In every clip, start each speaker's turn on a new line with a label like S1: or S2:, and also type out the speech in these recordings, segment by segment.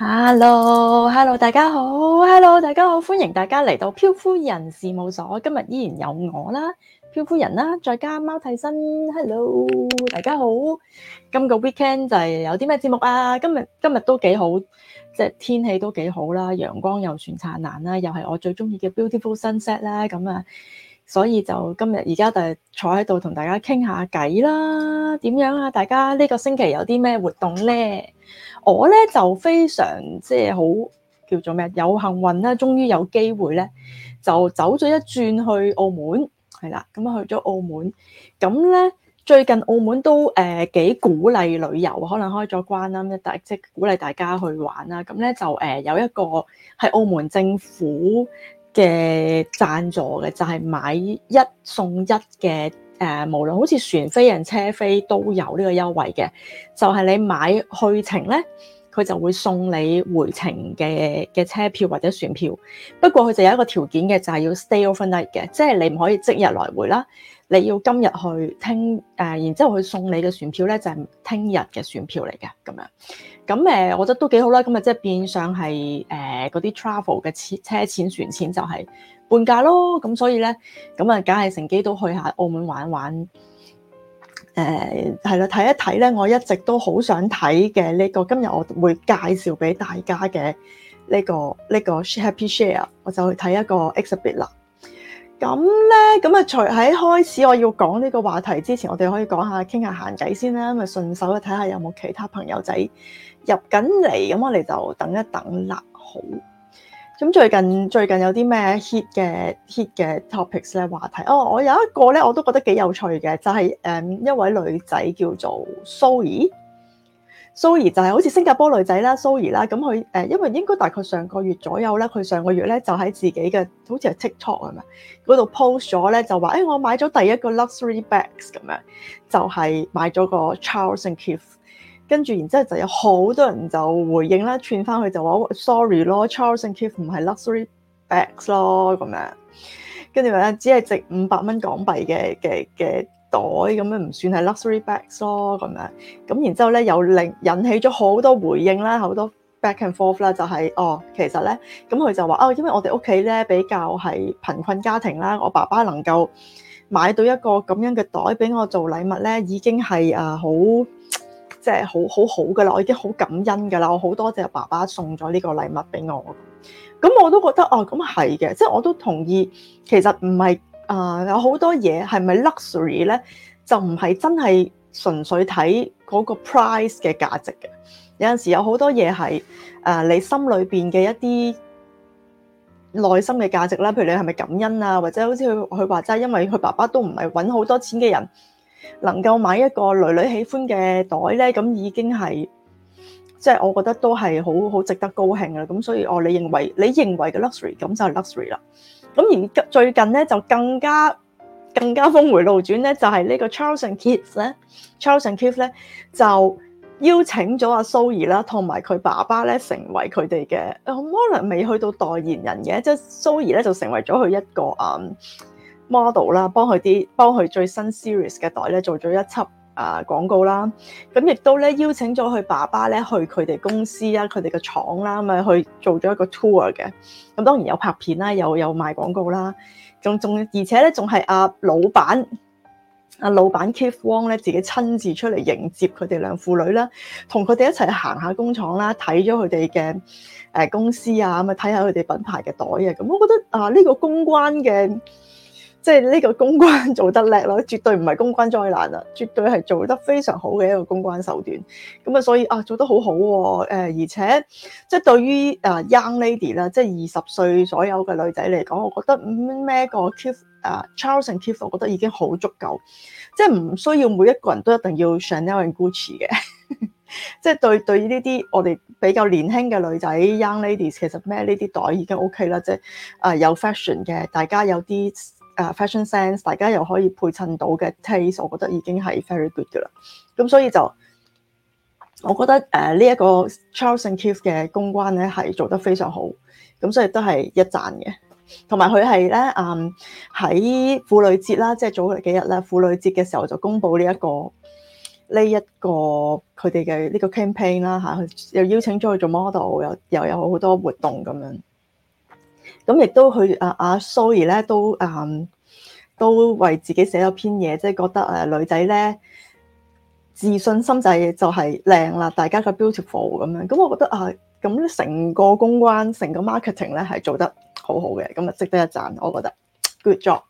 S1: Hello，Hello，Hello，大家好，Hello，大家好，歡迎大家嚟到漂夫人事務所，今日依然有我啦，漂夫人啦，再加貓替身，Hello，大家好，今個 weekend 就係有啲咩節目啊？今日今日都幾好，即係天氣都幾好啦，陽光又算燦爛啦，又係我最中意嘅 beautiful sunset 啦，咁啊。所以就今日而家就坐喺度同大家傾下偈啦，點樣啊？大家呢個星期有啲咩活動咧？我咧就非常即係好叫做咩，有幸運啦，終於有機會咧，就走咗一轉去澳門，係啦，咁啊去咗澳門。咁咧最近澳門都誒幾、呃、鼓勵旅遊，可能開咗關啦，咁大即係鼓勵大家去玩啦。咁咧就誒、呃、有一個係澳門政府，嘅贊助嘅就係、是、買一送一嘅，誒、呃、無論好似船飛、人車飛都有呢個優惠嘅，就係、是、你買去程咧，佢就會送你回程嘅嘅車票或者船票，不過佢就有一個條件嘅，就係、是、要 stay overnight 嘅，即、就、係、是、你唔可以即日來回啦。你要今日去聽，誒、呃，然之後去送你嘅船票咧，就係聽日嘅船票嚟嘅咁樣。咁誒、呃，我覺得都幾好啦。咁啊，即係變相係誒嗰啲 travel 嘅錢車錢船錢就係半價咯。咁所以咧，咁啊，梗係乘機都去下澳門玩玩。誒、呃，係啦，睇一睇咧，我一直都好想睇嘅呢個，今日我會介紹俾大家嘅呢、呢個呢、呢個 Happy Share，我就去睇一個 exhibit 啦。咁咧，咁啊，除喺開始我要講呢個話題之前，我哋可以講下傾下閒偈先啦，咁啊順手去睇下有冇其他朋友仔入緊嚟，咁我哋就等一等啦，好。咁最近最近有啲咩 hit 嘅 hit 嘅 topics 咧話題？哦，我有一個咧我都覺得幾有趣嘅，就係、是 um, 一位女仔叫做 Sally 蘇怡就係好似新加坡女仔啦，蘇怡啦，咁佢誒，因為應該大概上個月左右咧，佢上個月咧就喺自己嘅好似係 TikTok 咁樣嗰度 post 咗咧，就話誒、哎、我買咗第一個 luxury bags 咁樣，就係買咗個 Charles and Keith，跟住然之後就有好多人就回應啦，串翻去就話 sorry 咯，Charles and Keith 唔係 luxury bags 咯，咁樣跟住話咧只係值五百蚊港幣嘅嘅嘅。袋咁樣唔算係 luxury bags 咯，咁樣咁然之後咧又令引起咗好多回應啦，好多 back and forth 啦、就係，就係哦，其實咧咁佢就話哦，因為我哋屋企咧比較係貧困家庭啦，我爸爸能夠買到一個咁樣嘅袋俾我做禮物咧，已經係啊、就係、好即係好好好嘅啦，我已經好感恩噶啦，我好多謝爸爸送咗呢個禮物俾我。咁我都覺得哦，咁係嘅，即係我都同意，其實唔係。啊，uh，有好多嘢係咪 luxury 咧？就唔係真係純粹睇嗰個 price 嘅價值嘅。有陣時有好多嘢係啊，你心裏邊嘅一啲內心嘅價值啦，譬如你係咪感恩啊？或者好似佢佢話齋，因為佢爸爸都唔係揾好多錢嘅人，能夠買一個女女喜歡嘅袋咧，咁已經係即係我覺得都係好好值得高興啦。咁所以哦，你認為你認為嘅 luxury 咁就係 luxury 啦。咁而最近咧就更加更加峰回路轉咧，就係、是、呢個 Charles & Keith 咧，Charles & Keith 咧就邀請咗阿蘇怡啦，同埋佢爸爸咧成為佢哋嘅 model 未去到代言人嘅，即係蘇怡咧就成為咗佢一個啊 model 啦，幫佢啲幫佢最新 series 嘅袋咧做咗一輯，啊廣告啦，咁亦都咧邀請咗佢爸爸咧去佢哋公司啊，佢哋嘅廠啦咁啊去做咗一個 tour 嘅，咁當然有拍片啦，又有，有賣廣告啦，仲仲而且咧仲係阿老闆阿老闆 Keith Wong 咧自己親自出嚟迎接佢哋兩父女啦，同佢哋一齊行下工廠啦，睇咗佢哋嘅誒公司啊，咁啊睇下佢哋品牌嘅袋啊，咁我覺得啊呢個公關嘅。即係呢個公關做得叻咯，絕對唔係公關災難啊！絕對係做得非常好嘅一個公關手段。咁啊，所以啊做得好好好、啊、喎。而且即係、就是、對於 young lady 啦，即二十歲左右嘅女仔嚟講，我覺得咩個 k Charles and Keith，我覺得已經好足夠，即、就、唔、是、需要每一個人都一定要上 Chanel and Gucci 嘅。即 係對對呢啲我哋比較年輕嘅女仔 young ladies，其實咩呢啲袋已經 OK 啦，即、就是、有 fashion 嘅，大家有啲 fashion sense，大家又可以配襯到嘅 taste，我覺得已經係 very good 噶啦。咁所以就我覺得誒呢一個 Charles and Keith 嘅公關咧係做得非常好，咁所以都係一讚嘅。同埋佢係咧嗯喺婦女節啦，即係早幾日咧婦女節嘅時候就公布呢一個呢一個佢哋嘅呢個 campaign 啦嚇，又邀請咗去做 model，又又有好多活動咁樣。咁亦都佢啊啊蘇兒咧都誒都為自己寫咗篇嘢，即係覺得誒女仔咧自信心就係就係靚啦，大家嘅 beautiful 咁樣。咁我覺得啊，咁成個公關、成個 marketing 咧係做得好好嘅。咁啊值得一讚，我覺得 good job。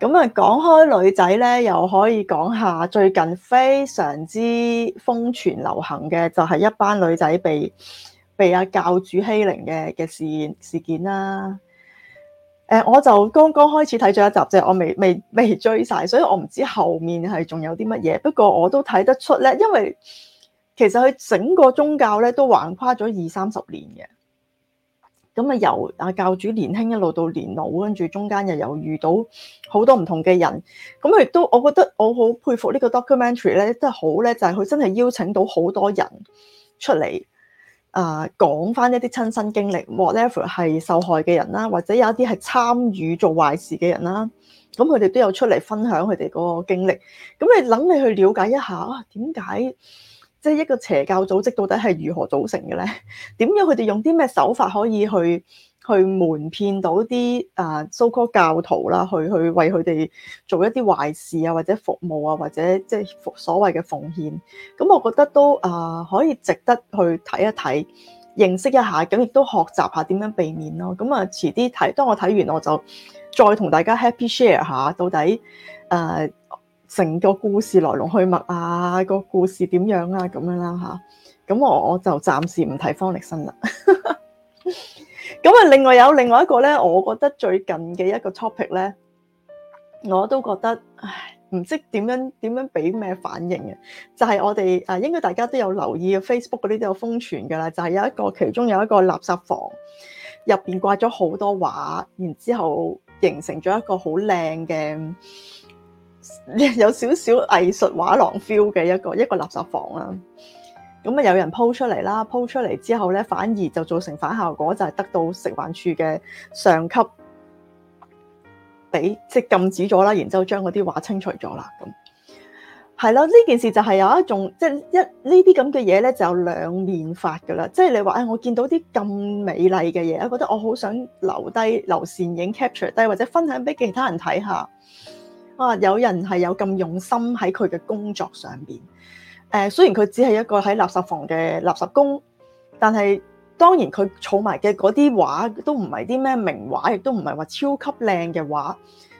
S1: 咁啊講開女仔咧，又可以講下最近非常之瘋傳流行嘅，就係一班女仔被被阿教主欺凌嘅嘅事事件啦，誒，我就剛剛開始睇咗一集啫，我未未未追晒，所以我唔知後面係仲有啲乜嘢。不過我都睇得出咧，因為其實佢整個宗教咧都橫跨咗二三十年嘅，咁啊由阿教主年輕一路到年老，跟住中間又又遇到好多唔同嘅人，咁佢都我覺得我好佩服呢個 documentary 咧，真係好咧，就係佢真係邀請到好多人出嚟。啊，講翻一啲親身經歷，whatever 係受害嘅人啦，或者有一啲係參與做壞事嘅人啦，咁佢哋都有出嚟分享佢哋嗰個經歷。咁你諗，你去了解一下啊，點解即係一個邪教組織到底係如何組成嘅咧？點樣佢哋用啲咩手法可以去去蒙騙到啲啊，so called 教徒啦，去去為佢哋做一啲壞事啊，或者服務啊，或者即係所謂嘅奉獻。咁我覺得都啊，可以值得去睇一睇，認識一下，咁亦都學習下點樣避免咯。咁啊，遲啲睇，當我睇完我就再同大家 happy share 下，到底誒成個故事來龍去脈啊，個故事點樣啊，咁樣啦嚇。咁我我就暫時唔睇方力申啦。 咁啊，另外有另外一個咧，我覺得最近嘅一個 topic 咧，我都覺得，唉，唔知點樣點樣俾咩反應嘅，就係我哋啊，應該大家都有留意，Facebook 嗰啲都有瘋傳噶啦，就係有一個其中有一個垃圾房入邊掛咗好多畫，然之後形成咗一個好靚嘅有少少藝術畫廊 feel 嘅一個一個垃圾房啊。咁啊！有人 po 出嚟啦，po 出嚟之後咧，反而就造成反效果，就係、是、得到食環處嘅上級俾即係禁止咗啦，然之後將嗰啲畫清除咗啦。咁係咯，呢件事就係有一種即係一呢啲咁嘅嘢咧，就，是、這些這就有兩面法噶啦。即係你話：，唉、哎，我見到啲咁美麗嘅嘢，我覺得我好想留低留倩影 capture 低，或者分享俾其他人睇下。哇、啊！有人係有咁用心喺佢嘅工作上邊。誒，雖然佢只係一個喺垃圾房嘅垃圾工，但係當然佢儲埋嘅嗰啲畫都唔係啲咩名畫，亦都唔係話超級靚嘅畫，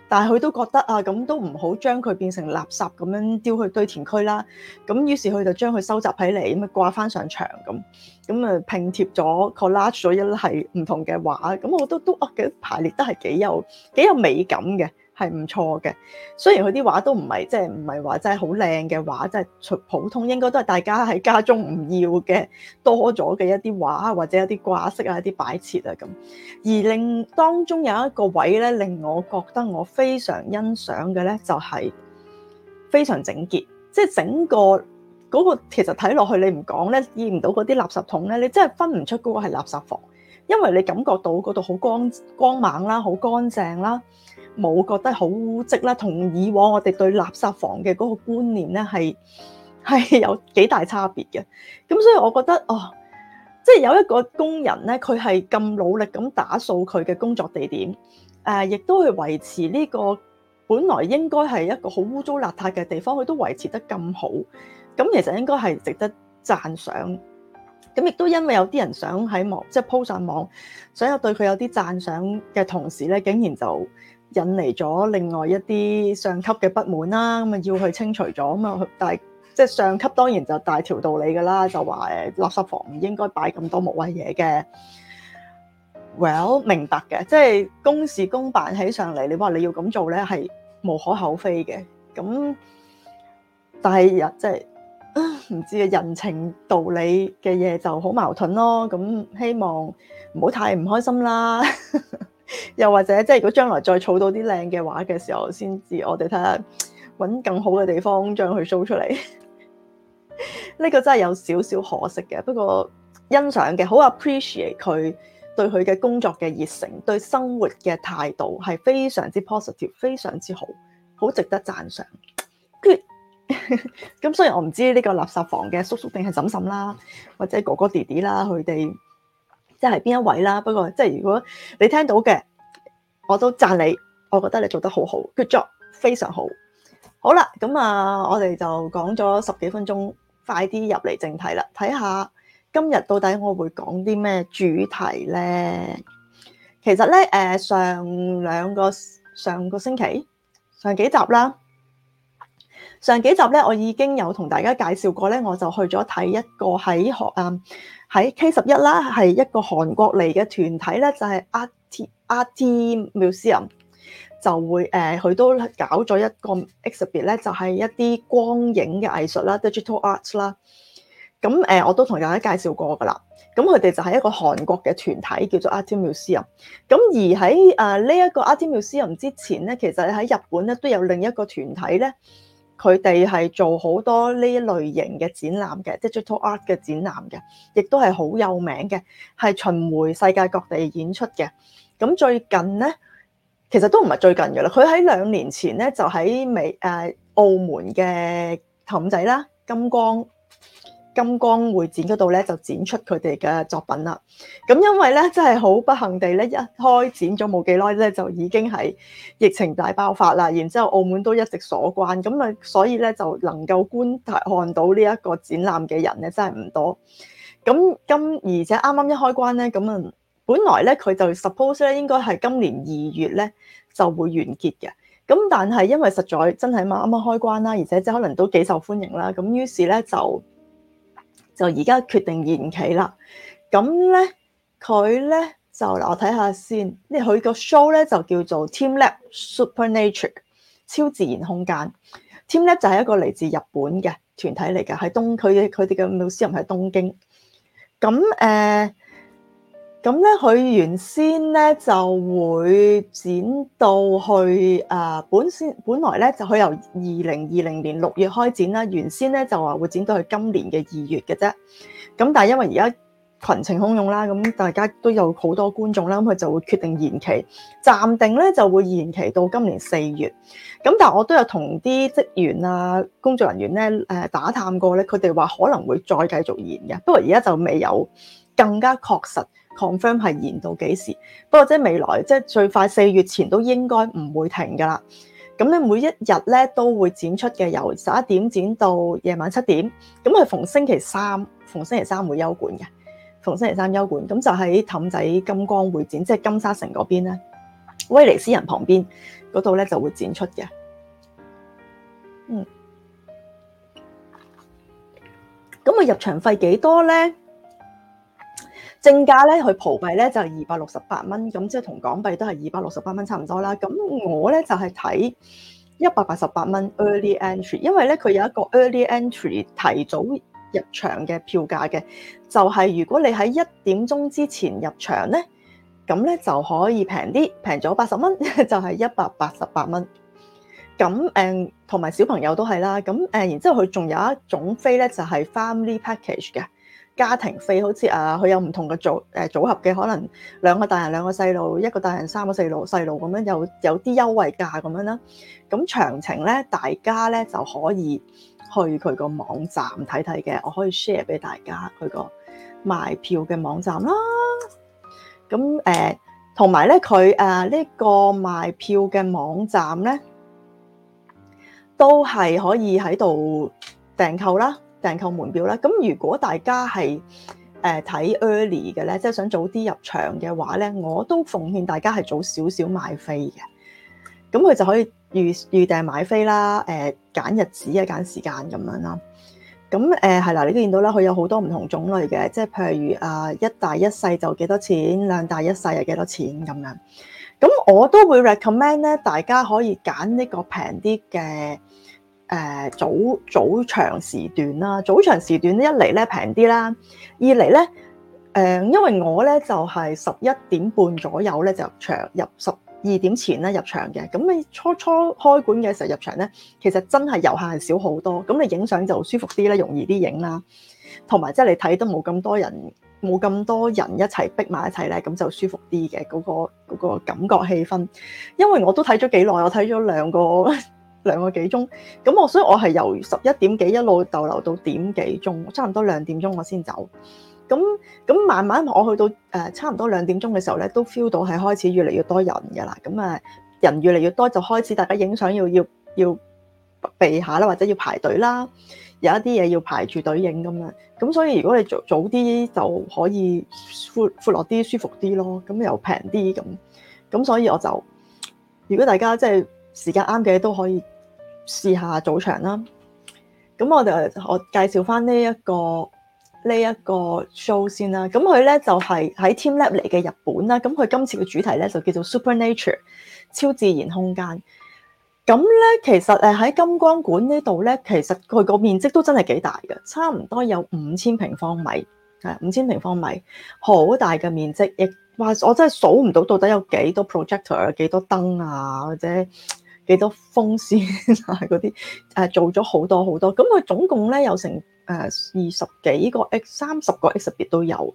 S1: 但係佢都覺得啊，咁都唔好將佢變成垃圾咁樣丟去堆填區啦。咁於是佢就將佢收集起嚟，咁啊掛翻上牆咁，咁啊拼貼咗 collage 咗一係唔同嘅畫，咁我都都啊排列都係幾有幾有美感嘅。係唔錯嘅，雖然佢啲畫都唔係即係唔係話真係好靚嘅畫，即係除普通應該都係大家喺家中唔要嘅多咗嘅一啲畫或者一啲掛飾啊、一啲擺設啊咁。而另當中有一個位咧，令我覺得我非常欣賞嘅咧，就係非常整潔，即係整個嗰個其實睇落去你唔講咧，見唔到嗰啲垃圾桶咧，你真係分唔出嗰個係垃圾房，因為你感覺到嗰度好光光猛啦，好乾淨啦。冇覺得好污跡啦，同以往我哋對垃圾房嘅嗰個觀念咧，係係有幾大差別嘅。咁所以我覺得哦，即係有一個工人咧，佢係咁努力咁打掃佢嘅工作地點，誒、呃，亦都去維持呢個本來應該係一個好污糟邋遢嘅地方，佢都維持得咁好。咁其實應該係值得讚賞。咁亦都因為有啲人想喺網即係 po 上網，想有對佢有啲讚賞嘅同時咧，竟然就～引嚟咗另外一啲上級嘅不滿啦，咁啊要去清除咗，咁啊但係即係上級當然就大條道理㗎啦，就話誒垃圾房唔應該擺咁多無謂嘢嘅。Well，明白嘅，即係公事公辦起上嚟，你話你要咁做咧，係無可厚非嘅。咁但係人即係唔知嘅，人情道理嘅嘢就好矛盾咯。咁希望唔好太唔開心啦。又或者，即係如果將來再儲到啲靚嘅畫嘅時候，先至我哋睇下搵更好嘅地方將佢 show 出嚟。呢 個真係有少少可惜嘅，不過欣賞嘅，好 appreciate 佢對佢嘅工作嘅熱誠，對生活嘅態度係非常之 positive，非常之好，好值得讚賞。咁、 嗯、雖然我唔知呢個垃圾房嘅叔叔定係嬸嬸啦，或者哥哥弟弟啦，佢哋。即係邊一位啦？不過即係如果你聽到嘅，我都讚你，我覺得你做得好好，good job，非常好。好啦，咁啊，我哋就講咗十幾分鐘，快啲入嚟正題啦！睇下今日到底我會講啲咩主題咧？其實咧，誒上兩個上個星期上幾集啦，上幾集咧，上幾集我已經有同大家介紹過咧，我就去咗睇一個喺學啊。喺 K 十一啦，係一個韓國嚟嘅團體咧，就係、是、Art Art Museum 就會誒，佢、呃、都搞咗一個 exhibit 咧，就係一啲光影嘅藝術啦，digital arts 啦。咁、呃、誒，我都同大家介紹過㗎啦。咁佢哋就係一個韓國嘅團體，叫做 Art Museum。咁而喺啊呢一個 Art Museum 之前咧，其實喺日本咧都有另一個團體咧。佢哋係做好多呢一類型嘅展覽嘅，即係 digital art 嘅展覽嘅，亦都係好有名嘅，係巡迴世界各地演出嘅。咁最近咧，其實都唔係最近嘅啦，佢喺兩年前咧就喺美誒澳門嘅氹仔啦，金光。金光會展嗰度咧就展出佢哋嘅作品啦。咁因為咧真係好不幸地咧，一開展咗冇幾耐咧，就已經係疫情大爆發啦。然之後澳門都一直鎖關，咁啊，所以咧就能夠觀睇看到呢一個展覽嘅人咧，真係唔多。咁今而且啱啱一開關咧，咁啊，本來咧佢就 suppose 咧應該係今年二月咧就會完結嘅。咁但係因為實在真係嘛啱啱開關啦，而且即係可能都幾受歡迎啦，咁於是咧就。就而家決定延期啦。咁咧，佢咧就嗱，我睇下先。即係佢個 show 咧就叫做 TeamLab Super Nature 超自然空間。TeamLab 就係一個嚟自日本嘅團體嚟㗎，喺東佢佢哋嘅 museum 係東京。咁誒。Uh, 咁咧，佢原先咧就會展到去啊、呃，本先本來咧就佢由二零二零年六月開展啦。原先咧就話會展到去今年嘅二月嘅啫。咁但係因為而家群情洶湧啦，咁大家都有好多觀眾啦，咁佢就會決定延期，暫定咧就會延期到今年四月。咁但係我都有同啲職員啊、工作人員咧誒打探過咧，佢哋話可能會再繼續延嘅。不過而家就未有更加確實。Confirm 係延到幾時？不過即係未來，即係最快四月前都應該唔會停噶啦。咁咧，每一日咧都會展出嘅，由十一點展到夜晚七點。咁係逢星期三，逢星期三會休館嘅。逢星期三休館，咁就喺氹仔金光會展，即係金沙城嗰邊咧，威尼斯人旁邊嗰度咧就會展出嘅。嗯。咁啊，入場費幾多咧？正價咧佢葡幣咧就係二百六十八蚊，咁即係同港幣都係二百六十八蚊差唔多啦。咁我咧就係睇一百八十八蚊 early entry，因為咧佢有一個 early entry 提早入場嘅票價嘅，就係、是、如果你喺一點鐘之前入場咧，咁咧就可以平啲，平咗八十蚊，就係一百八十八蚊。咁誒同埋小朋友都係啦。咁誒、嗯、然之後佢仲有一種飛咧就係、是、family package 嘅。家庭費好似啊，佢有唔同嘅組誒組合嘅，可能兩個大人兩個細路，一個大人三個細路細路咁樣，有有啲優惠價咁樣啦。咁詳情咧，大家咧就可以去佢個網站睇睇嘅，我可以 share 俾大家佢個賣票嘅網站啦。咁誒，同埋咧佢啊呢個賣票嘅網站咧，都係可以喺度訂購啦。訂購門票啦。咁如果大家係誒睇 early 嘅咧，即係想早啲入場嘅話咧，我都奉勸大家係早少少買飛嘅。咁佢就可以預預訂買飛啦，誒，揀日子啊，揀時間咁樣啦。咁誒係啦，你都見到啦，佢有好多唔同種類嘅，即係譬如啊，一大一細就幾多錢，兩大一細又幾多錢咁樣。咁我都會 recommend 咧，大家可以揀呢個平啲嘅。誒早早場時段啦，早場時段一嚟咧平啲啦，二嚟咧誒，因為我咧就係十一點半左右咧就入，入場，入十二點前咧入場嘅。咁你初初開館嘅時候入場咧，其實真係遊客係少好多。咁你影相就舒服啲咧，容易啲影啦。同埋即係你睇都冇咁多人，冇咁多人一齊逼埋一齊咧，咁就舒服啲嘅嗰個嗰、嗰個感覺氣氛。因為我都睇咗幾耐，我睇咗兩個。兩個幾鐘，咁我所以我係由十一點幾一路逗留到點幾鐘，差唔多兩點鐘我先走。咁咁慢慢我去到誒、呃、差唔多兩點鐘嘅時候咧，都 feel 到係開始越嚟越多人嘅啦。咁啊人越嚟越多，就開始大家影相要要要避下啦，或者要排隊啦，有一啲嘢要排住隊影咁啊。咁所以如果你早早啲就可以闊闊落啲舒服啲咯，咁又平啲咁。咁所以我就如果大家即係時間啱嘅都可以。試下早場啦，咁我哋，我介紹翻呢一個呢一個 show 先啦。咁佢咧就係喺 TeamLab 嚟嘅日本啦。咁佢今次嘅主題咧就叫做 Super Nature 超自然空間。咁咧其實誒喺金光館呢度咧，其實佢個面積都真係幾大嘅，差唔多有五千平方米，係五千平方米，好大嘅面積。亦話我真係數唔到到底有幾多 projector，幾多燈啊，或者。幾多風扇，係嗰啲誒做咗好多好多，咁佢總共咧有成誒二十幾個 x 三十個 x 別都有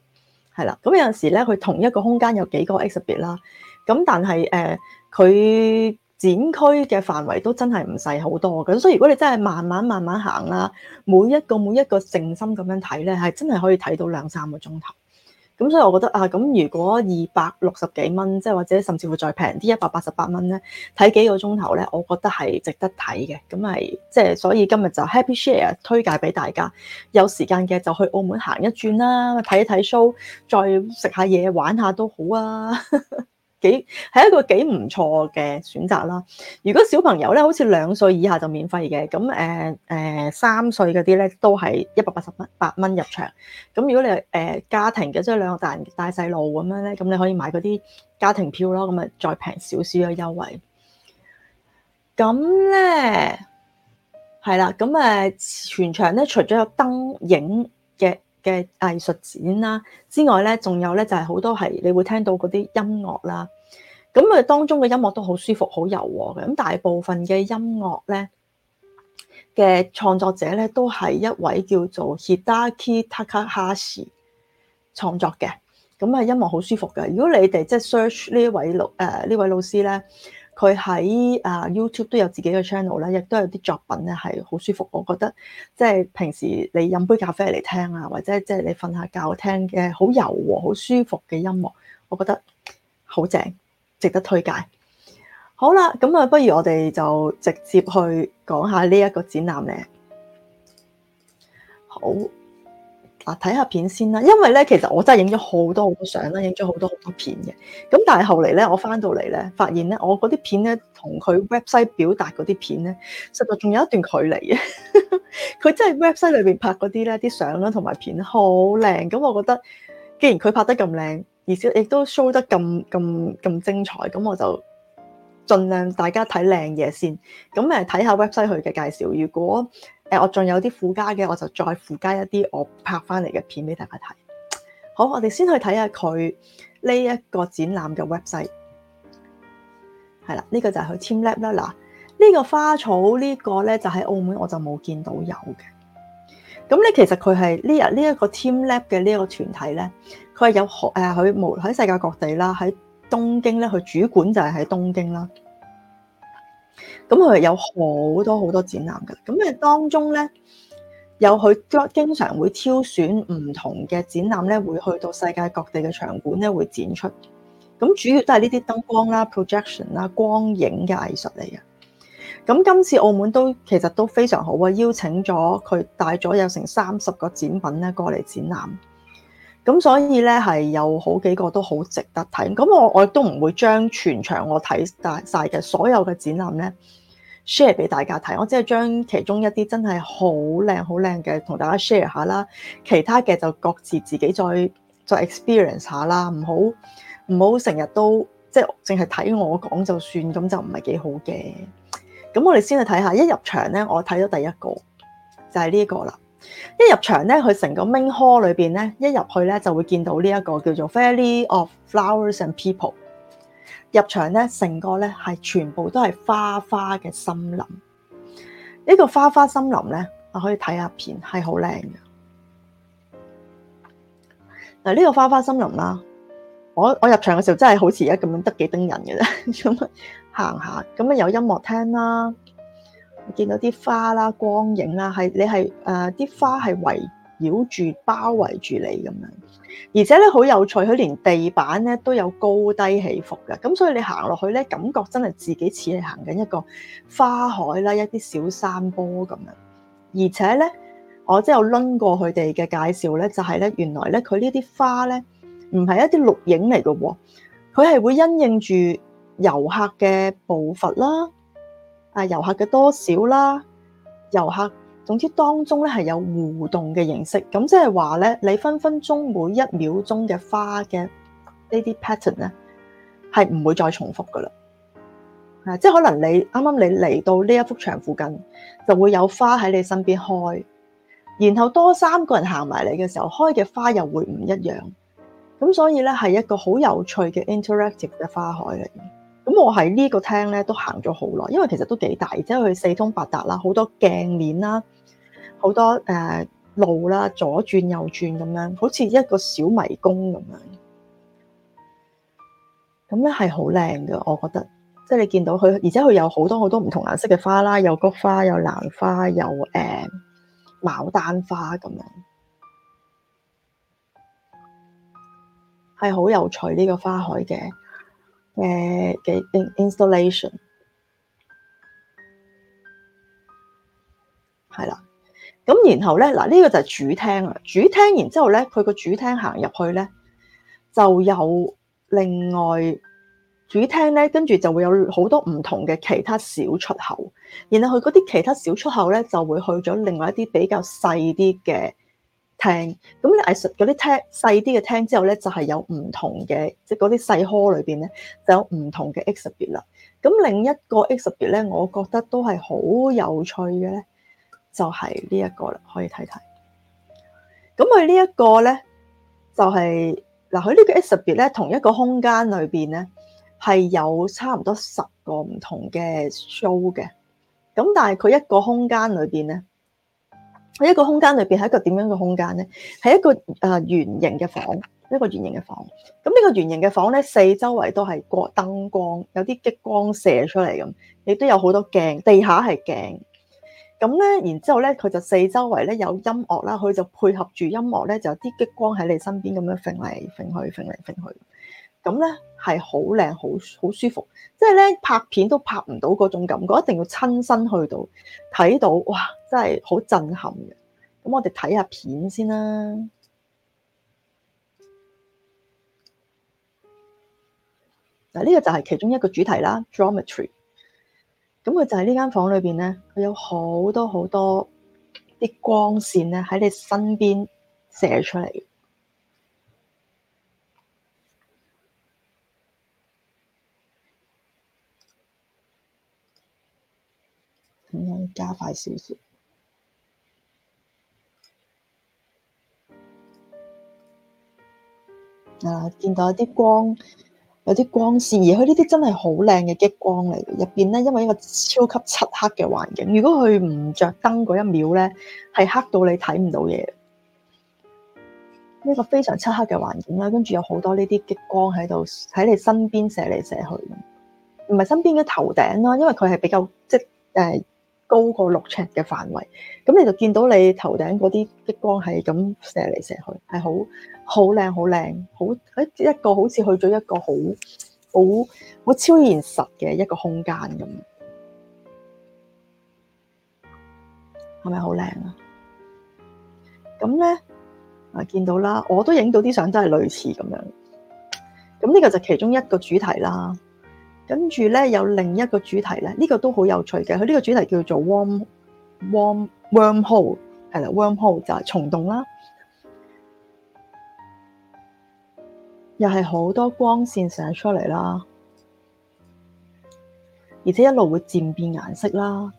S1: 係啦。咁有陣時咧，佢同一個空間有幾個 x 別啦。咁但係誒佢展區嘅範圍都真係唔細好多嘅，所以如果你真係慢慢慢慢行啦，每一個每一個靜心咁樣睇咧，係真係可以睇到兩三個鐘頭。咁所以我覺得啊，咁如果二百六十幾蚊，即係或者甚至乎再平啲一百八十八蚊咧，睇幾個鐘頭咧，我覺得係值得睇嘅。咁係即係所以今日就 Happy Share 推介俾大家，有時間嘅就去澳門行一轉啦，睇一睇 show，再食下嘢玩下都好啊。 幾係一個幾唔錯嘅選擇啦。如果小朋友咧，好似兩歲以下就免費嘅，咁誒誒，三歲嗰啲咧都係一百八十蚊八蚊入場。咁如果你係誒家庭嘅，即係兩個大人帶細路咁樣咧，咁你可以買嗰啲家庭票咯，咁啊再平少少嘅優惠。咁咧係啦，咁誒全場咧除咗有燈影嘅藝術展啦，之外咧，仲有咧就係、是、好多係你會聽到嗰啲音樂啦。咁啊，當中嘅音樂都好舒服、好柔和嘅。咁大部分嘅音樂咧嘅創作者咧，都係一位叫做 Hideaki Takahashi 創作嘅。咁啊，音樂好舒服嘅。如果你哋即係 search 呢一位老誒呢位老師咧。佢喺啊 YouTube 都有自己嘅 channel 咧，亦都有啲作品咧係好舒服，我覺得即係平時你飲杯咖啡嚟聽啊，或者即係你瞓下覺聽嘅好柔和、好舒服嘅音樂，我覺得好正，值得推介。好啦，咁啊，不如我哋就直接去講下呢一個展覽咧。好。嗱，睇下片先啦，因為咧，其實我真係影咗好多好多相啦，影咗好多好多片嘅。咁但係後嚟咧，我翻到嚟咧，發現咧，我嗰啲片咧，同佢 website 表達嗰啲片咧，實在仲有一段距離嘅。佢 真係 website 裏邊拍嗰啲咧，啲相啦同埋片好靚，咁我覺得，既然佢拍得咁靚，而且亦都 show 得咁咁咁精彩，咁我就盡量大家睇靚嘢先。咁誒，睇下 website 佢嘅介紹，如果。誒，我仲有啲附加嘅，我就再附加一啲我拍翻嚟嘅片俾大家睇。好，我哋先去睇下佢呢一個展覽嘅 website。係啦，呢個就係佢 TeamLab 啦。嗱，呢個花草呢個咧，就喺澳門我就冇見到有嘅。咁咧，其實佢係呢日呢一個、呢個、TeamLab 嘅呢一個團體咧，佢係有學誒，佢無喺世界各地啦，喺東京咧，佢主管就係喺東京啦。咁佢係有好多好多展覽噶，咁喺當中咧，有佢都經常會挑選唔同嘅展覽咧，會去到世界各地嘅場館咧會展出，咁主要都係呢啲燈光啦、projection 啦、光影嘅藝術嚟嘅。咁今次澳門都其實都非常好啊，邀請咗佢帶咗有成三十個展品咧過嚟展覽。咁所以咧係有好幾個都好值得睇，咁我我亦都唔會將全場我睇晒嘅所有嘅展覽咧 share 俾大家睇，我只係將其中一啲真係好靚好靚嘅同大家 share 下啦，其他嘅就各自自己再再 experience 下啦，唔好唔好成日都即係淨係睇我講就算，咁就唔係幾好嘅。咁我哋先去睇下，一入場咧，我睇咗第一個就係、是、呢個啦。一入場咧，佢成個 main hall 裏邊咧，一入去咧就會見到呢、這、一個叫做 Fairy of Flowers and People。入場咧，成個咧係全部都係花花嘅森林。呢、這個花花森林咧，我可以睇下片，係好靚嘅。嗱，呢個花花森林啦，我我入場嘅時候真係好似而家咁樣得幾丁人嘅啫，咁行下，咁啊有音樂聽啦。見到啲花啦、光影啦，係你係誒啲花係圍繞住、包圍住你咁樣，而且咧好有趣，佢連地板咧都有高低起伏嘅，咁所以你行落去咧，感覺真係自己似係行緊一個花海啦，一啲小山坡咁樣。而且咧，我即係有拎過佢哋嘅介紹咧，就係咧，原來咧佢呢啲花咧唔係一啲錄影嚟嘅喎，佢係會因應住遊客嘅步伐啦。啊！遊客嘅多少啦，遊客總之當中咧係有互動嘅形式，咁即係話咧，你分分鐘每一秒鐘嘅花嘅呢啲 pattern 咧，係唔會再重複㗎喇。啊！即係可能你啱啱你嚟到呢一幅牆附近，就會有花喺你身邊開，然後多三個人行埋嚟嘅時候，開嘅花又會唔一樣。咁所以咧係一個好有趣嘅 interactive 嘅花海嚟。咁我喺呢個廳咧都行咗好耐，因為其實都幾大，而且佢四通八達啦，好多鏡面啦，好多誒、呃、路啦，左轉右轉咁樣，好似一個小迷宮咁樣。咁咧係好靚嘅，我覺得，即、就、係、是、你見到佢，而且佢有好多好多唔同顏色嘅花啦，有菊花，有蘭花，有誒牡、呃、丹花咁樣，係好有趣呢、這個花海嘅。誒嘅 installation 係啦，咁然後咧嗱，呢個就係主廳啦，主廳然之後咧，佢個主廳行入去咧就有另外主廳咧，跟住就會有好多唔同嘅其他小出口，然後佢嗰啲其他小出口咧就會去咗另外一啲比較細啲嘅。聽咁咧，藝術嗰啲聽細啲嘅聽之後咧，就係、是、有唔同嘅，即係嗰啲細科裏邊咧就有唔同嘅 exhibit 啦。咁另一個 exhibit 咧，我覺得都係好有趣嘅咧，就係呢一個啦，可以睇睇。咁佢呢一、就是、個咧就係嗱，佢呢個 exhibit 咧同一個空間裏邊咧係有差唔多十個唔同嘅 show 嘅。咁但係佢一個空間裏邊咧。喺一個空間裏邊，喺一個點樣嘅空間咧？係一個啊圓形嘅房，一個圓形嘅房。咁呢個圓形嘅房咧，四周圍都係個燈光，有啲激光射出嚟咁。亦都有好多鏡，地下係鏡。咁咧，然之後咧，佢就四周圍咧有音樂啦，佢就配合住音樂咧，就有啲激光喺你身邊咁樣揈嚟揈去，揈嚟揈去。咁咧係好靚，好好舒服，即係咧拍片都拍唔到嗰種感覺，一定要親身去到睇到，哇！真係好震撼嘅。咁我哋睇下片先啦。嗱、啊，呢、呢個就係其中一個主題啦，Drometry。咁佢就喺呢間房裏邊咧，佢有好多好多啲光線咧喺你身邊射出嚟。咁加快少少啊！見到有啲光，有啲光線，而佢呢啲真係好靚嘅激光嚟。嘅。入邊咧，因為一個超級漆黑嘅環境，如果佢唔着燈嗰一秒咧，係黑你看不到你睇唔到嘢。呢、這個非常漆黑嘅環境啦，跟住有好多呢啲激光喺度喺你身邊射嚟射去，唔係身邊嘅頭頂咯、啊，因為佢係比較即誒。呃高過六尺嘅範圍，咁你就見到你頭頂嗰啲激光係咁射嚟射去，係好好靚、好靚、好誒一個好似去咗一個好好好超現實嘅一個空間咁，係咪好靚啊？咁咧啊，見到啦，我都影到啲相，真係類似咁樣。咁呢個就其中一個主題啦。跟住咧有另一個主題咧，呢、這個都好有趣嘅。佢、這、呢個主題叫做 worm worm、worm hole 係啦，worm hole 就係蟲洞啦，又係好多光線射出嚟啦，而且一路會漸變顏色啦，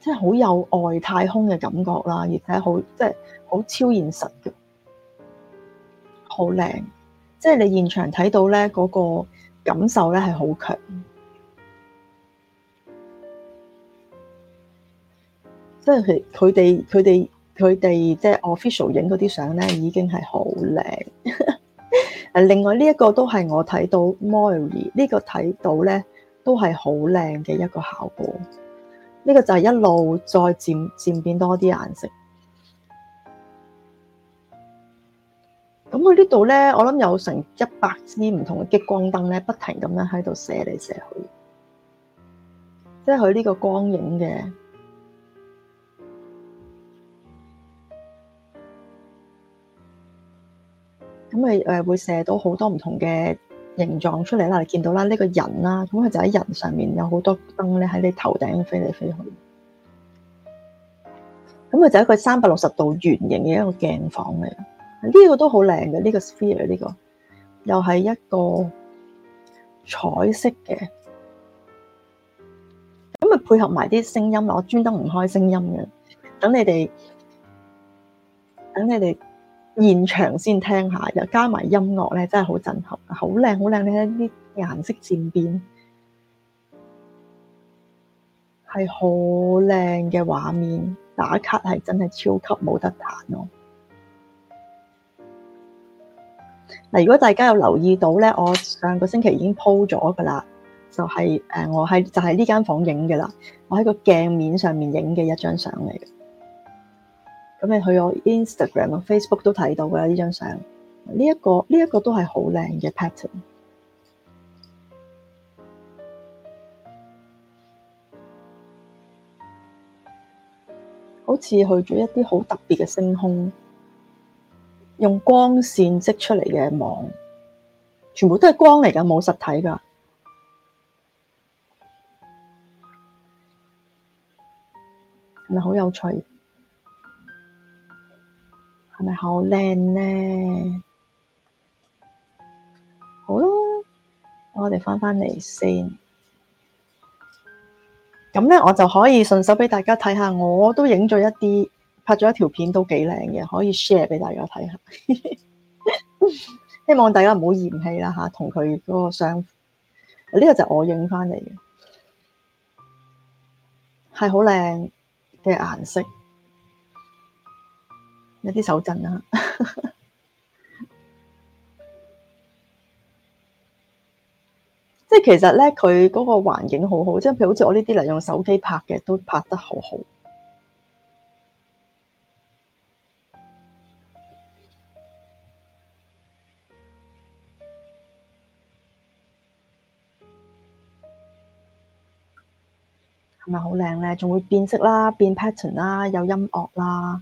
S1: 即係好有外太空嘅感覺啦，而且好即係好超現實嘅。好靚，即係你現場睇到咧，嗰、嗰個感受咧係好強。即係佢佢哋佢哋佢哋即係 official 影嗰啲相咧，已經係好靚。啊， 另外呢一個都係我睇到 Moire 呢個睇到咧，都係好靚嘅一個效果。呢、呢個就係一路再漸漸變多啲顏色。咁佢呢度咧，我諗有成一百支唔同嘅激光燈咧，不停咁樣喺度射嚟射去，即係佢呢個光影嘅，咁佢會射到好多唔同嘅形狀出嚟啦。你見到啦，呢個人啦，咁佢就喺人上面有好多燈咧，喺你頭頂飛嚟飛去。咁佢就係一個三百六十度圓形嘅一個鏡房嚟。呢個都好靚嘅，呢個 Sphere 呢個又係一個彩色嘅，咁咪配合埋啲聲音，我專登唔開聲音嘅，等你哋等你哋現場先聽下，又加埋音樂咧，真係好震撼，好靚好靚，你睇啲顏色漸變，係好靚嘅畫面，打卡係真係超級冇得彈咯～如果大家有留意到咧，我上個星期已經鋪咗噶啦，就係誒我喺就喺呢間房影嘅啦，我喺個、就係、鏡面上面影嘅一張相嚟嘅。咁你去我 Instagram、Facebook 都睇到嘅呢張相，呢、呢、一個呢一、呢個都係好靚嘅 pattern，好似去咗一啲好特別嘅星空。用光線織出嚟嘅網，全部都係光嚟㗎，冇實體㗎。係咪好有趣？係咪好靚呢？好啦，我哋翻返嚟先。咁咧，我就可以順手畀大家睇下，我都影咗一啲。拍咗一條片都幾靚嘅，可以 share 俾大家睇下。 希望大家唔好嫌棄啦嚇，同佢嗰個相。呢、這個就我影翻嚟嘅，係好靚嘅顏色。一啲手震啦，即 係其實咧，佢嗰個環境好好，即係譬如好似我呢啲嚟用手機拍嘅，都拍得好好。咪好靚咧，仲會變色啦、變 pattern 啦、有音樂啦，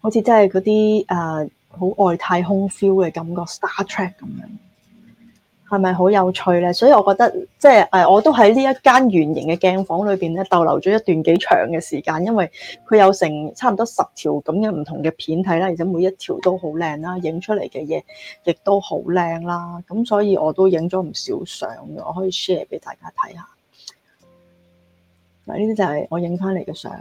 S1: 好似真係嗰啲誒好外太空 feel 嘅感覺 Star Trek 咁樣。係咪好有趣咧？所以我覺得即係誒，我都喺呢一間圓形嘅鏡房裏邊咧逗留咗一段幾長嘅時間，因為佢有成差唔多十條咁嘅唔同嘅片睇啦，而且每一條都好靚啦，影出嚟嘅嘢亦都好靚啦，咁所以我都影咗唔少相，我可以 share 俾大家睇下。嗱，呢啲就係我影翻嚟嘅相。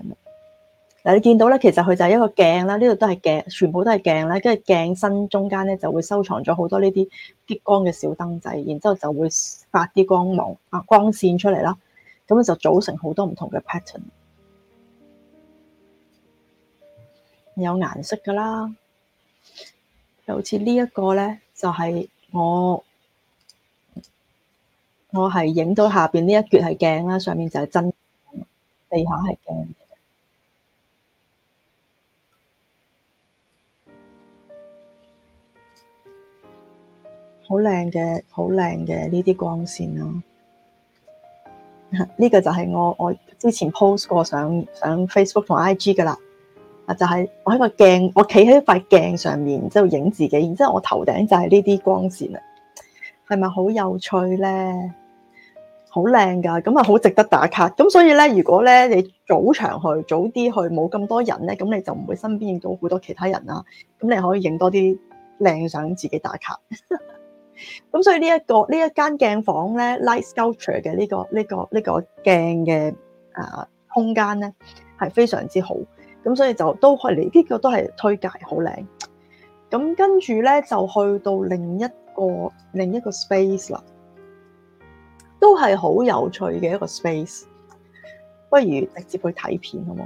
S1: 嗱，你見到咧，其實佢就係一個鏡啦，呢度都係鏡，全部都係鏡啦。跟住鏡身中間咧就會收藏咗好多呢啲激光嘅小燈仔，然之後就會發啲光芒啊光線出嚟啦，咁就組成好多唔同嘅 pattern，有顏色噶啦，就好似呢一個咧就係我我係影到下邊呢一橛係鏡啦，上面就係真，地下係鏡。好靚嘅，好靚嘅呢啲光線咯、啊。呢、這呢個就係我我之前 post 過上上 Facebook 同 IG 噶啦。啊，就係、係、我喺個鏡，我企喺一塊鏡上面，之後影自己，然之後我頭頂就係呢啲光線啊。係咪好有趣咧？好靚噶，咁啊好值得打卡。咁所以咧，如果咧你早場去，早啲去冇咁多人咧，咁你就唔會身邊影到好多其他人啦。咁你可以影多啲靚相，自己打卡。咁所以、這個、這一鏡房呢一個呢一間鏡房咧，Light Sculpture 嘅、這個這個這個呃、呢個呢個呢個鏡嘅啊空間咧係非常之好，咁所以就都可以嚟，呢、這、啲、個、都係推介好靚，咁跟住咧就去到另一個另一個 space 啦，都係好有趣嘅一個 space，不如直接去睇片好冇？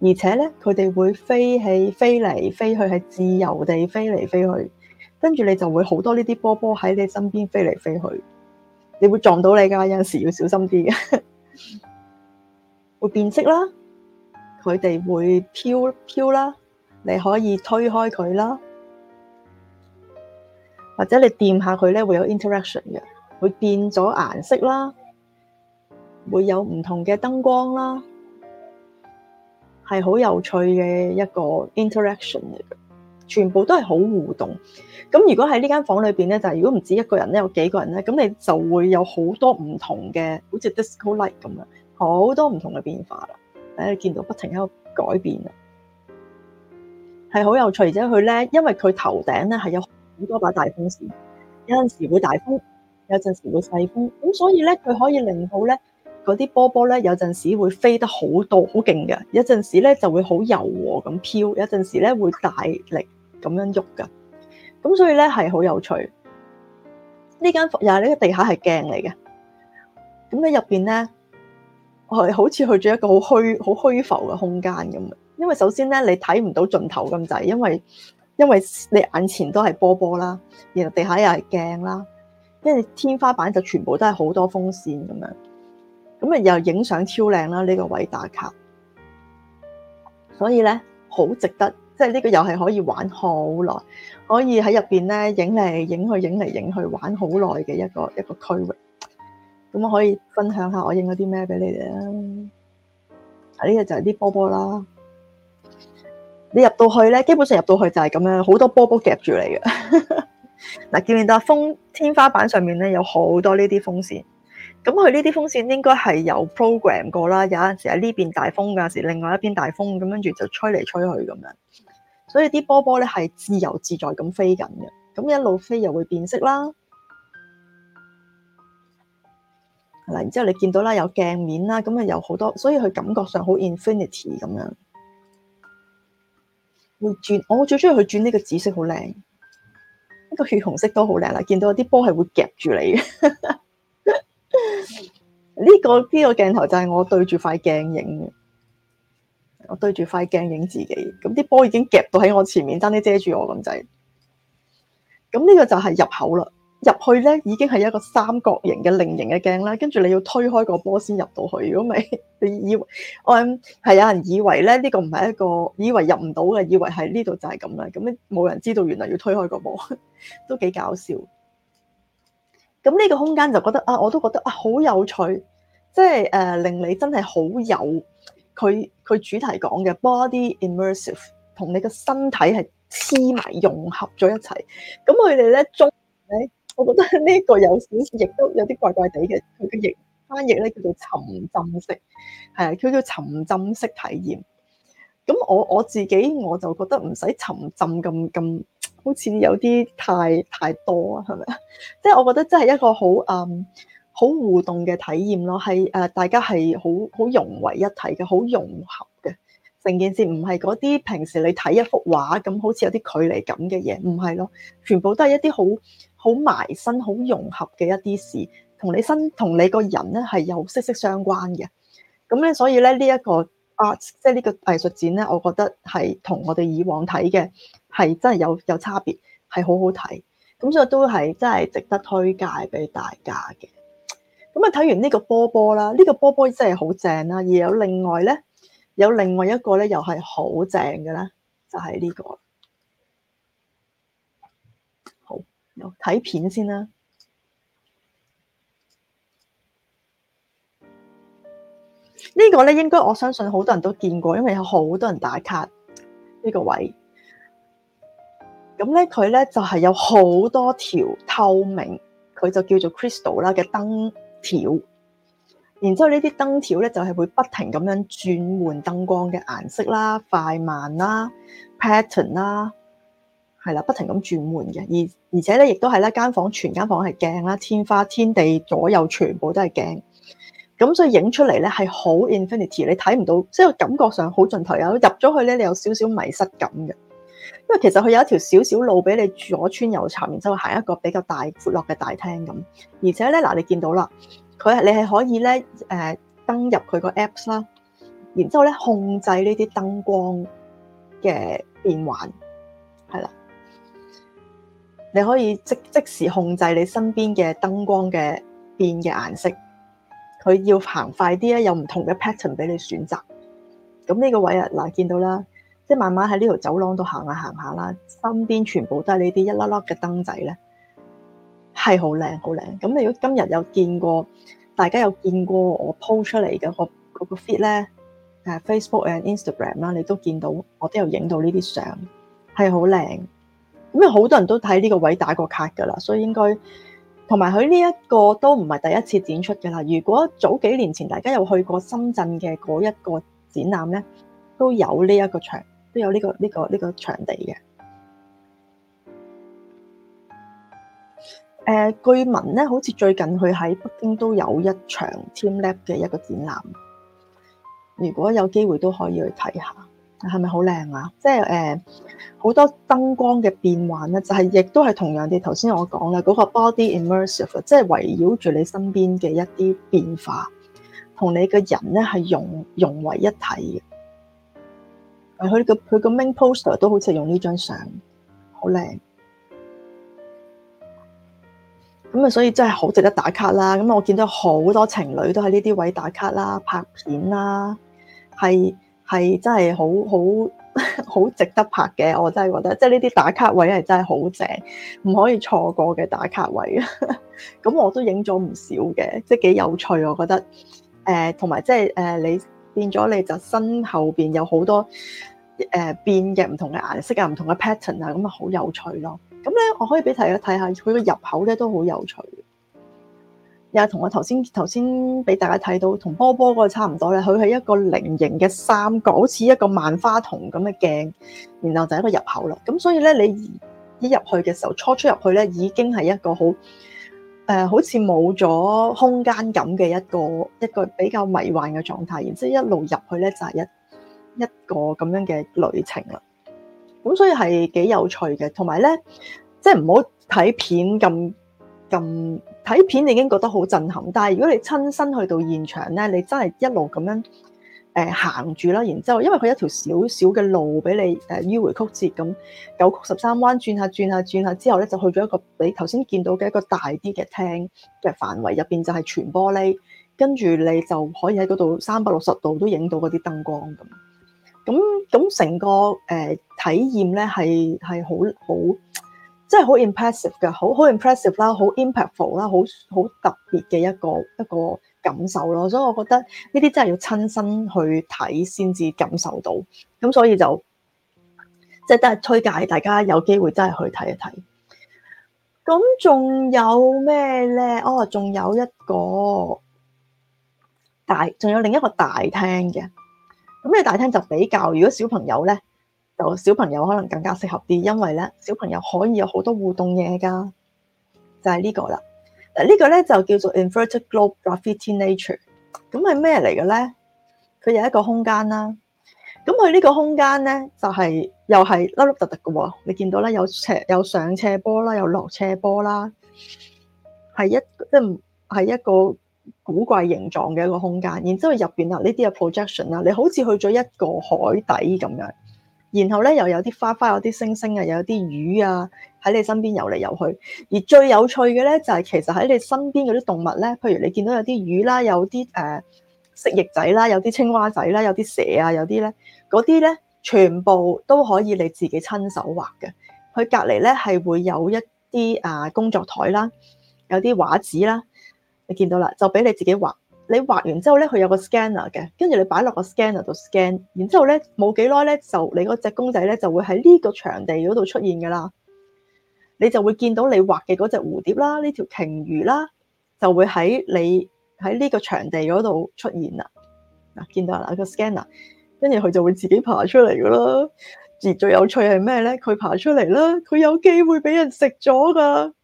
S1: 而且咧，佢哋會飛起、飛嚟、飛去，係自由地飛嚟飛去。跟住你就會好多呢啲波波喺你身邊飛嚟飛去，你會撞到你噶，有陣時要小心啲嘅。 會變色啦，佢哋會飄飄啦，你可以推開佢啦，或者你掂下佢咧會有 interaction 嘅，會變咗顏色啦，會有唔同嘅燈光啦。係好有趣嘅一個 interaction 嚟嘅，全部都係好互動。咁如果喺呢間房裏邊咧，就係如果唔止一個人咧，有幾個人咧，咁你就會有好多唔同嘅，好似 disco light 咁樣，好多唔同嘅變化啦。大家見到不停喺度改變啊，係好有趣。而且佢咧，因為佢頭頂咧係有好多把大風扇，有陣時會大風，有陣時會細風，咁所以咧佢可以令到咧。嗰啲波波咧，有陣時會飛得好多好勁嘅；有陣時咧就會好柔和咁飄，有陣時咧會大力咁樣喐嘅。咁所以咧係好有趣。呢間房又係呢個地下係鏡嚟嘅。咁喺入邊咧，係好似去咗一個好虛好虛浮嘅空間咁。因為首先咧你睇唔到盡頭咁滯，因為因為你眼前都係波波啦，然後地下又係鏡啦，因為天花板就全部都係好多風扇咁樣。咁啊又影相超靚啦！呢個位打卡，所以咧好值得，即係呢個又係可以玩好耐，可以喺入邊咧影嚟影去，影嚟影去玩好耐嘅一個一個區域。咁我可以分享下我影咗啲咩俾你哋啦。啊、啊、呢個就係啲波波啦，你入到去咧，基本上入到去就係咁樣，好多波波夾住你嘅。嗱， 見到啊風天花板上面咧有好多呢啲風扇。咁佢呢啲風扇應該係有 program 過啦，有陣時喺呢邊大風，有陣時另外一邊大風，咁跟住就吹嚟吹去咁樣。所以啲波波咧係自由自在咁飛緊嘅，咁一路飛又會變色啦。係啦，然之後你見到啦，有鏡面啦，咁啊有好多，所以佢感覺上好 infinity 咁樣。會轉，我最中意佢轉呢個紫色，好靚。呢個血紅色都好靚啦，見到啲波係會夾住你嘅。 呢、個呢個鏡頭就係我對住塊鏡影嘅，我對住塊鏡影自己，咁啲波已經夾到喺我前面，差啲遮住我咁滯。咁呢個就係入口啦，入去咧已經係一個三角形嘅菱形嘅鏡啦，跟住你要推開個波先入到去。如果未，你以為，我諗係有人以為咧呢、個唔係一個，以為入唔到嘅，以為係呢度就係咁啦。咁咧冇人知道，原來要推開個波，都幾搞笑。咁呢個空間就覺得啊，我都覺得啊，好有趣，即係誒令你真係好有佢佢主題講嘅 body immersive，同你嘅身體係黐埋融合咗一齊。咁佢哋咧中文咧，我覺得呢個有少少亦都有啲怪怪地嘅，佢嘅譯翻譯咧叫做沉浸式，係啊，佢叫做沉浸式體驗。咁我我自己我就覺得唔使沉浸咁咁。好似有啲太太多啊，係咪？即係我覺得真係一個好誒，好、um, 互動嘅體驗咯，係誒，uh, 大家係好好融為一體嘅，好融合嘅。成件事唔係嗰啲平時你睇一幅畫咁，好似有啲距離咁嘅嘢，唔係咯，全部都係一啲好好埋身、好融合嘅一啲事，同你身同你個人咧係有息息相關嘅。咁咧，所以咧呢一個。啊，即係呢個藝術展咧，我覺得係同我哋以往睇嘅係真係有有差別，係好好睇，咁所以都係真係值得推介俾大家嘅。咁啊，睇完呢個波波啦，呢個波波真係好正啦，而有另外咧，有另外一個咧又係好正嘅咧，就係呢個。好，睇片先啦。呢、這個咧應該我相信好多人都見過，因為有好多人打卡呢、這個位置。咁咧佢咧就係、是、有好多條透明，佢就叫做 Crystal 啦嘅燈條。然之後呢啲燈條咧就係會不停咁樣轉換燈光嘅顏色啦、快慢啦、pattern 啦，係啦，不停咁轉換嘅。而而且咧亦都係咧間房全間房係鏡啦，天花、天地左右全部都係鏡。咁所以影出嚟咧，係好 Infinity，你睇唔到，即係感覺上好盡頭有，入咗去咧，你有少少迷失感嘅。因為其實佢有一條小小路俾你左穿右插，然之後行一個比較大闊落嘅大廳咁。而且咧，嗱，你見到啦，佢你係可以咧，誒、呃，登入佢個 apps 啦，然之後咧控制呢啲燈光嘅變換，係啦，你可以即即時控制你身邊嘅燈光嘅變嘅顏色。佢要行快啲咧，有唔同嘅 pattern 俾你選擇。咁呢個位啊，嗱，見到啦，即係慢慢喺呢條走廊度行下行下啦，身邊全部都係呢啲一粒粒嘅燈仔咧，係好靚好靚。咁你如果今日有見過，大家有見過我 po 出嚟嘅個嗰個 fit 咧，誒 Facebook and Instagram 啦，你都見到，我都有影到呢啲相，係好靚。咁啊，好多人都睇呢個位打過卡噶啦，所以應該。同埋佢呢一個都唔係第一次展出嘅啦。如果早幾年前大家有去過深圳嘅嗰一個展覽咧，都有呢一個場，都有呢、呢個呢、呢個呢、呢個場地嘅。誒、呃，據聞咧，好似最近佢喺北京都有一場 TeamLab 嘅一個展覽，如果有機會都可以去睇下。係咪好靚啊？即係誒好多燈光嘅變幻咧，就係、係、亦都係同樣地頭先我講啦，嗰、嗰個 body immersive，即係圍繞住你身邊嘅一啲變化，同你嘅人咧係融融為一體嘅。佢個佢個 main poster 都好似係用呢張相，好靚。咁啊，所以真係好值得打卡啦！咁我見到好多情侶都喺呢啲位打卡啦、拍片啦，係。係真係好好好值得拍嘅，我真係覺得，即係呢啲打卡位係真係好正，唔可以錯過嘅打卡位。咁 我都影咗唔少嘅，即係幾有趣的，我覺得。誒、呃，同埋即係誒，你變咗你就身後邊有好多誒、呃、變嘅唔同嘅顏色啊，唔同嘅 pattern 啊，咁啊好有趣咯。咁咧，我可以俾大家睇下佢個入口咧，都好有趣。又同我頭先頭先俾大家睇到同波波嗰個差唔多啦，佢係一個菱形嘅三角，好似一個萬花筒咁嘅鏡，然後就一個入口咯。咁所以咧，你一入去嘅時候，初初入去咧已經係一個好誒、呃，好似冇咗空間感嘅一個一個比較迷幻嘅狀態，然之後一路入去咧就係、係、一一個咁樣嘅旅程啦。咁所以係幾有趣嘅，同埋咧，即係唔好睇片咁咁。睇片你已經覺得好震撼，但係如果你親身去到現場咧，你真係一路咁樣誒行住啦，然之後因為佢一條小小嘅路俾你誒迂迴曲折咁九曲十三彎轉下轉下轉下之後咧，就去咗一個你頭先見到嘅一個大啲嘅廳嘅範圍，入邊就係全玻璃，跟住你就可以喺嗰度三百六十度都影到嗰啲燈光咁。咁咁成個誒體驗咧係係好好。真係好 impressive 嘅，好好 impressive 啦，好 impactful 啦，好好特別嘅一個一個感受咯。所以我覺得呢啲真係要親身去睇先至感受到。咁所以就即係都係推介大家有機會真係去睇一睇。咁仲有咩咧？哦，仲有一個大，仲有另一個大廳嘅。咁呢個大廳就比較，如果小朋友咧。就小朋友可能更加適合啲，因為咧小朋友可以有好多互動嘢噶，就係、是這個、呢個啦。嗱呢個咧就叫做 Inverted Globe Graffiti Nature。咁係咩嚟嘅咧？佢有一個空間啦。咁佢呢個空間咧就係、是、又係凹凹凸凸嘅。你見到咧有斜有上斜坡啦，有落斜坡啦，係一即係係一個古怪形狀嘅一個空間。然之後入邊啦，呢啲嘅 projection 啦，你好似去咗一個海底咁樣。然後咧又有啲花花，有啲星星啊，又有啲魚啊喺你身邊游嚟游去。而最有趣嘅咧就係、是、其實喺你身邊嗰啲動物咧，譬如你見到有啲魚啦，有啲誒、啊、蜥蜴仔啦，有啲青蛙仔啦，有啲蛇啊，有啲咧嗰啲咧全部都可以你自己親手畫嘅。佢隔籬咧係會有一啲啊工作台啦，有啲畫紙啦，你見到啦就俾你自己畫。你畫完之後咧，佢有個 scanner 嘅，跟住你擺落個 scanner 度 scan，然之後咧冇幾耐咧，就你嗰隻公仔咧就會喺呢個場地嗰度出現噶啦，你就會見到你畫嘅嗰隻蝴蝶啦，呢條鯨魚啦，就會喺你喺呢個場地嗰度出現啦。嗱，見到啦，個 scanner，跟住佢就會自己爬出嚟噶啦。而最有趣係咩咧？佢爬出嚟啦，佢有機會俾人食咗噶。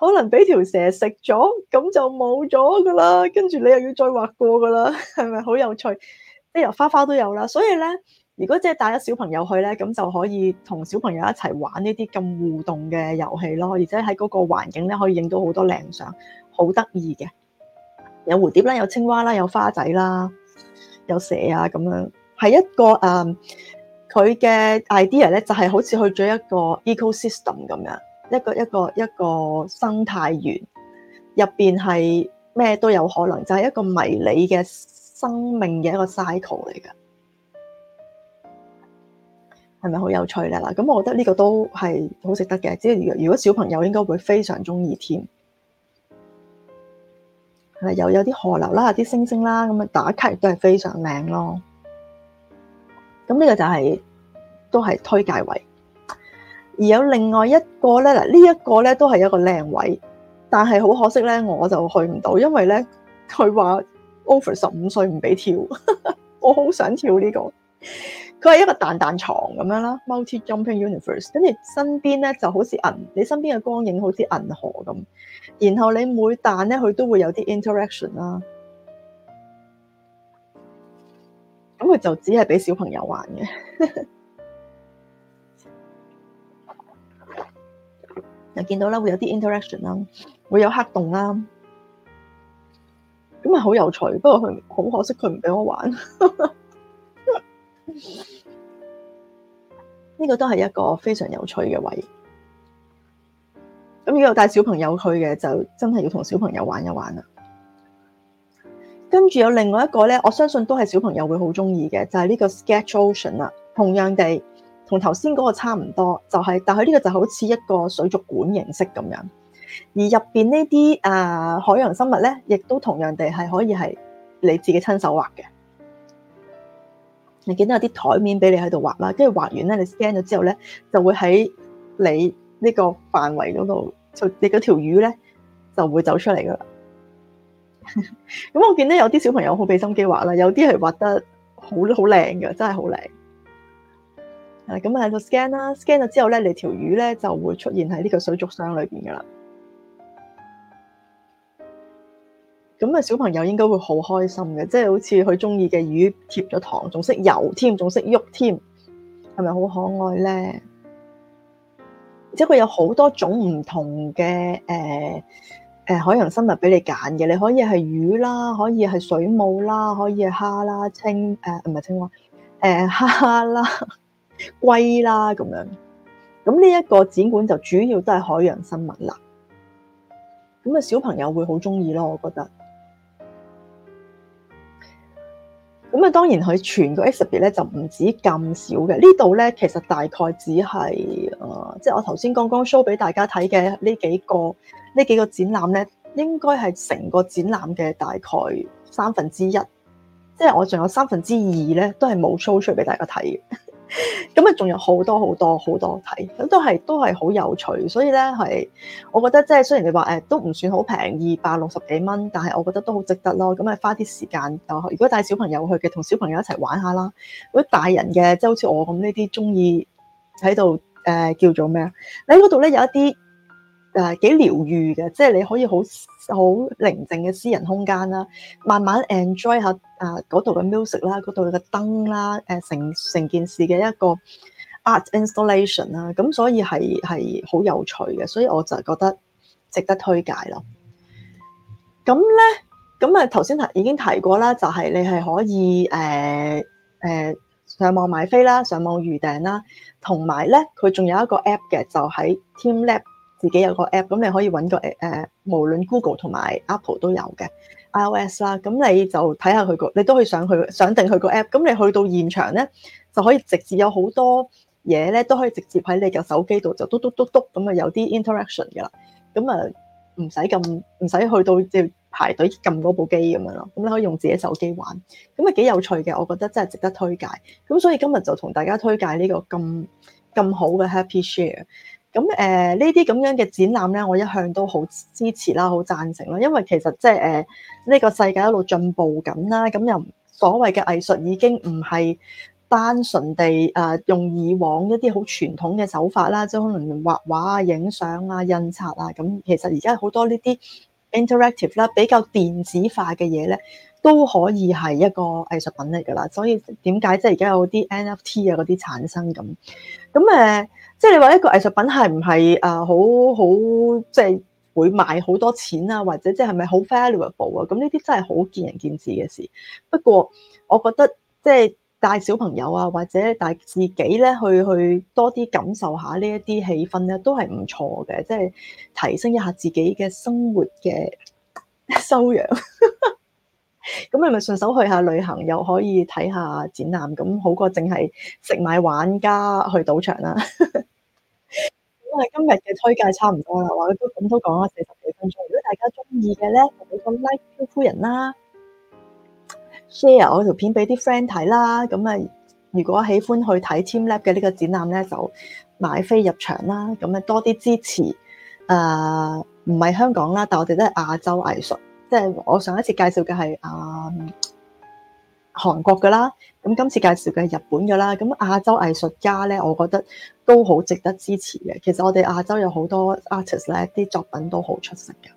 S1: 可能俾條蛇食咗，咁就冇咗噶啦。跟住你又要再畫過噶啦，係咪好有趣？啲油花花都有啦。所以咧，如果即係帶咗小朋友去咧，咁就可以同小朋友一齊玩呢啲咁互動嘅遊戲咯。而且喺嗰個環境咧，可以影到好多靚相，好得意嘅。有蝴蝶啦，有青蛙啦，有花仔啦，有蛇啊咁樣，係一個誒，佢、呃、嘅 idea 咧就係好似去咗一個 ecosystem 咁樣。一個一個一個生態園入邊係咩都有可能，就係、是、一個迷你嘅生命嘅一個 cycle 嚟㗎。係咪好有趣咧？嗱，咁我覺得呢個都係好值得嘅，只要如果小朋友應該會非常中意添，係咪又有啲河流啦、啲星星啦，咁樣打卡亦都係非常靚咯。咁呢個就係、是、都係推介位。而有另外一個咧，嗱呢一個咧都係一個靚位，但係好可惜咧，我就去唔到，因為咧佢話 over 十五歲唔俾跳， 我好想跳呢個。佢係一個彈彈床咁樣啦，multi jumping universe，跟住身邊咧就好似銀，你身邊嘅光影好似銀河咁，然後你每彈咧佢都會有啲 interaction 啦，咁佢就只係俾小朋友玩嘅。 又見到啦，會有啲 interaction 啦，會有黑洞啦，咁係好有趣。不過佢好可惜，佢唔俾我玩。呢 個都係一個非常有趣嘅位。咁如果帶小朋友去嘅，就真係要同小朋友玩一玩啦。跟住有另外一個咧，我相信都係小朋友會好中意嘅，就係、是、呢個 Sketch Ocean 啦。同樣地。同頭先嗰個差唔多，就係，但係呢個就好似一個水族館形式咁樣，而入邊呢啲啊海洋生物咧，亦都同樣地係可以係你自己親手畫嘅。你見到有啲台面俾你喺度畫啦，跟住畫完咧，你 scan 咗之後咧，就會喺你呢個範圍嗰度，就你嗰條魚咧就會走出嚟噶啦。咁 我見到有啲小朋友好俾心機畫啦，有啲係畫得好好靚嘅，真係好靚。咁啊，就 scan 啦，scan 咗之後咧，你條魚咧就會出現喺呢個水族箱裏邊噶啦。咁啊，小朋友應該會好開心嘅，即係好似佢中意嘅魚貼咗糖，仲識游添，仲識喐添，係咪好可愛咧？即係佢有好多種唔同嘅誒誒海洋生物俾你揀嘅，你可以係魚啦，可以係水母啦，可以係蝦啦，青誒唔係青蛙，誒、呃、蝦蝦啦。龜啦，咁樣，咁呢一個展館就主要都係海洋生物啦。咁啊，小朋友會好中意咯。我覺得咁啊，當然佢全個 exhibit 咧就唔止咁少嘅，呢度咧，其實大概只係誒，即係我頭先剛剛 show 俾大家睇嘅呢幾個呢幾個展覽咧，應該係成個展覽嘅大概三分之一。即係我仲有三分之二咧，都係冇 show 出嚟俾大家睇嘅。咁啊，仲有好多好多好多睇，咁都係都係好有趣，所以咧係，我覺得即係雖然你話誒都唔算好平，二百六十幾蚊，但係我覺得都好值得咯。咁啊，花啲時間又，如果帶小朋友去嘅，同小朋友一齊玩下啦。如果大人嘅，即係好似我咁呢啲中意喺度誒，叫做咩啊？喺嗰度咧有一啲。誒幾療愈嘅，即係你可以好好寧靜嘅私人空間啦，慢慢 enjoy 下誒嗰度嘅 music 啦，嗰度嘅燈啦，誒成成件事嘅一個 art installation 啦，咁所以係係好有趣嘅，所以我就覺得值得推介咯。咁咧，咁啊頭先已經提過啦，就係你係可以誒誒上網買飛啦，上網預訂啦，同埋咧佢仲有一個 app 嘅，就喺 TeamLab。自己有個 app，咁你可以揾個誒誒、呃，無論 Google 同埋 Apple 都有嘅 iOS 啦。咁你就睇下佢個，你都可以上去，上定佢個 app。咁你去到現場咧，就可以直接有好多嘢咧，都可以直接喺你嘅手機度，就嘟嘟嘟嘟咁啊，有啲 interaction 嘅啦。咁啊，唔使咁，唔使去到即係排隊撳嗰部機咁樣咯。咁你可以用自己手機玩，咁啊幾有趣嘅，我覺得真係值得推介。咁所以今日就同大家推介呢個咁咁好嘅 Happy Share。咁誒呢啲咁樣嘅展覽咧，我一向都好支持啦，好贊成啦，因為其實即係誒呢個世界一路進步緊啦，咁又所謂嘅藝術已經唔係單純地誒、呃、用以往一啲好傳統嘅手法啦，即係可能畫畫啊、影相啊、印刷啊，咁其實而家好多呢啲 interactive 啦，比較電子化嘅嘢咧，都可以係一個藝術品嚟噶啦。所以點解即係而家有啲 NFT 啊嗰啲產生咁咁誒？即係你話一個藝術品係唔係啊好好即係會賣好多錢啊，或者即係係咪好 valuable 啊？咁呢啲真係好見仁見智嘅事。不過我覺得即係帶小朋友啊，或者帶自己咧去去多啲感受下呢一啲氣氛咧，都係唔錯嘅，即係提升一下自己嘅生活嘅修養。 咁你咪順手去下旅行，又可以睇下展覽，咁好過淨係食買玩家去賭場啦。咁 我今日嘅推介差唔多啦，話都咁都講咗四十幾分鐘。如果大家中意嘅咧，就俾個 like 俾夫人啦，share 我條片俾啲 friend 睇啦。咁啊，如果喜歡去睇 TeamLab 嘅呢個展覽咧，就買飛入場啦。咁啊，多啲支持誒，唔、呃、係香港啦，但我哋都係亞洲藝術。即、就、係、是、我上一次介紹嘅係啊韓國噶啦，咁今次介紹嘅係日本噶啦。咁亞洲藝術家咧，我覺得都好值得支持嘅。其實我哋亞洲有好多 artist 咧，啲作品都好出色嘅。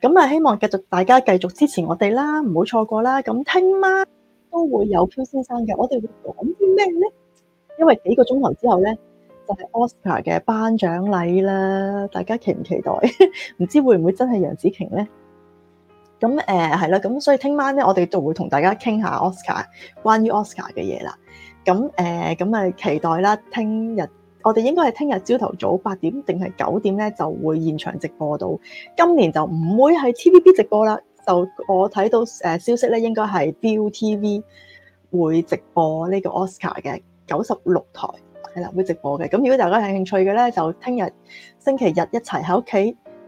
S1: 咁啊，希望繼續大家繼續支持我哋啦，唔好錯過啦。咁聽晚都會有漂先生嘅，我哋會講啲咩咧？因為幾個鐘頭之後咧，就係、是、Oscar 嘅頒獎禮啦。大家期唔期待？唔知會唔會真係楊紫瓊咧？咁誒係啦，咁、呃、所以聽晚咧，我哋就會同大家傾下 Oscar 關於 Oscar 嘅嘢啦。咁誒咁啊，呃、期待啦！聽日我哋應該係聽日朝頭早八點定係九點咧？就會現場直播到。今年就唔會喺 TVB 直播啦，就我睇到誒消息咧，應該係 ViuTV 會直播呢個 Oscar 嘅九十六台，係啦，會直播嘅。咁如果大家有興趣嘅咧，就聽日星期日一齊喺屋企。